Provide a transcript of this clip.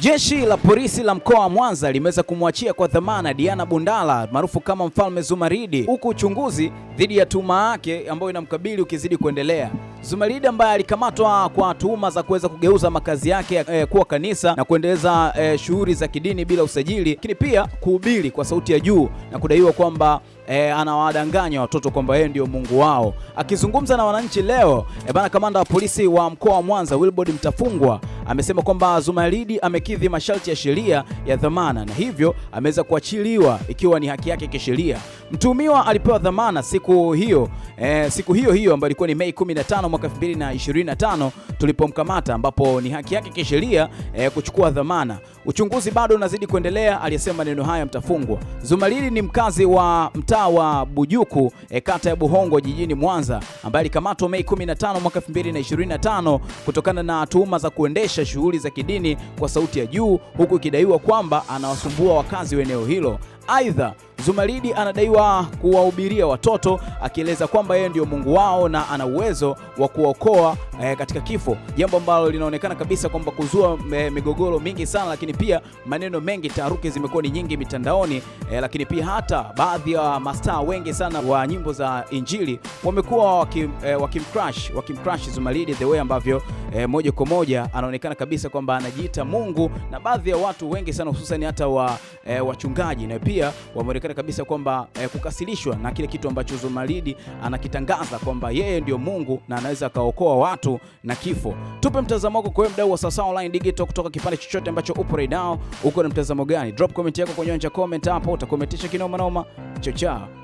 Jeshi la polisi la mkoa wa Mwanza limeweza kumwachia kwa dhamana Diana Bundala maarufu kama Mfalme Zumaridi, huku uchunguzi dhidi ya tuma yake ambayo inamkabili ukizidi kuendelea. Zumaridi ambaye alikamatwa kwa tuhuma za kuweza kugeuza makazi yake eh, kuwa kanisa na kuendeleza eh, shughuli za kidini bila usajili, lakini pia kuhubiri kwa sauti ya juu na kudaiwa kwamba E, anawadanganya watoto kwamba yeye ndio Mungu wao. Akizungumza na wananchi leo e, eh, bana kamanda wa polisi wa mkoa wa Mwanza Wilbord Mtafungwa amesema kwamba Zumaridi amekidhi masharti ya sheria ya dhamana na hivyo ameweza kuachiliwa ikiwa ni haki yake kisheria. Mtuhumiwa alipewa dhamana siku hiyo e, siku hiyo hiyo ambayo ilikuwa ni Mei 15 tano mwaka 2025 tulipomkamata, ambapo ni haki yake kisheria eh, kuchukua dhamana. Uchunguzi bado unazidi kuendelea, aliyesema maneno haya mtafungwa. Zumaridi ni mkazi wa mtaa wa Bujuku eh, kata ya Buhongo jijini Mwanza, ambaye alikamatwa Mei 15 mwaka 2025 kutokana na tuhuma za kuendesha shughuli za kidini kwa sauti ya juu, huku ikidaiwa kwamba anawasumbua wakazi wa eneo hilo. Aidha, Zumaridi anadaiwa kuwahubiria watoto akieleza kwamba yeye ndio Mungu wao na ana uwezo wa kuokoa eh, katika kifo, jambo ambalo linaonekana kabisa kwamba kuzua eh, migogoro mingi sana, lakini pia maneno mengi, taharuki zimekuwa ni nyingi mitandaoni eh, lakini pia hata baadhi ya mastaa wengi sana wa nyimbo za Injili wamekuwa wakim, eh, wakimcrush wakimcrush Zumaridi the way ambavyo eh, moja kwa moja anaonekana kabisa kwamba anajiita Mungu na baadhi ya watu wengi sana hususan hata wa eh, wachungaji na pia wameonekana inaonekana kabisa kwamba eh, kukasirishwa na kile kitu ambacho Zumaridi anakitangaza kwamba yeye ndio Mungu na anaweza akaokoa watu na kifo. Tupe mtazamo wako kwa mdau wa sasa Online Digital kutoka kipande chochote ambacho upo right now, uko na mtazamo gani? Drop comment yako kwenye anja comment hapo, utakometisha kinoma noma chochao.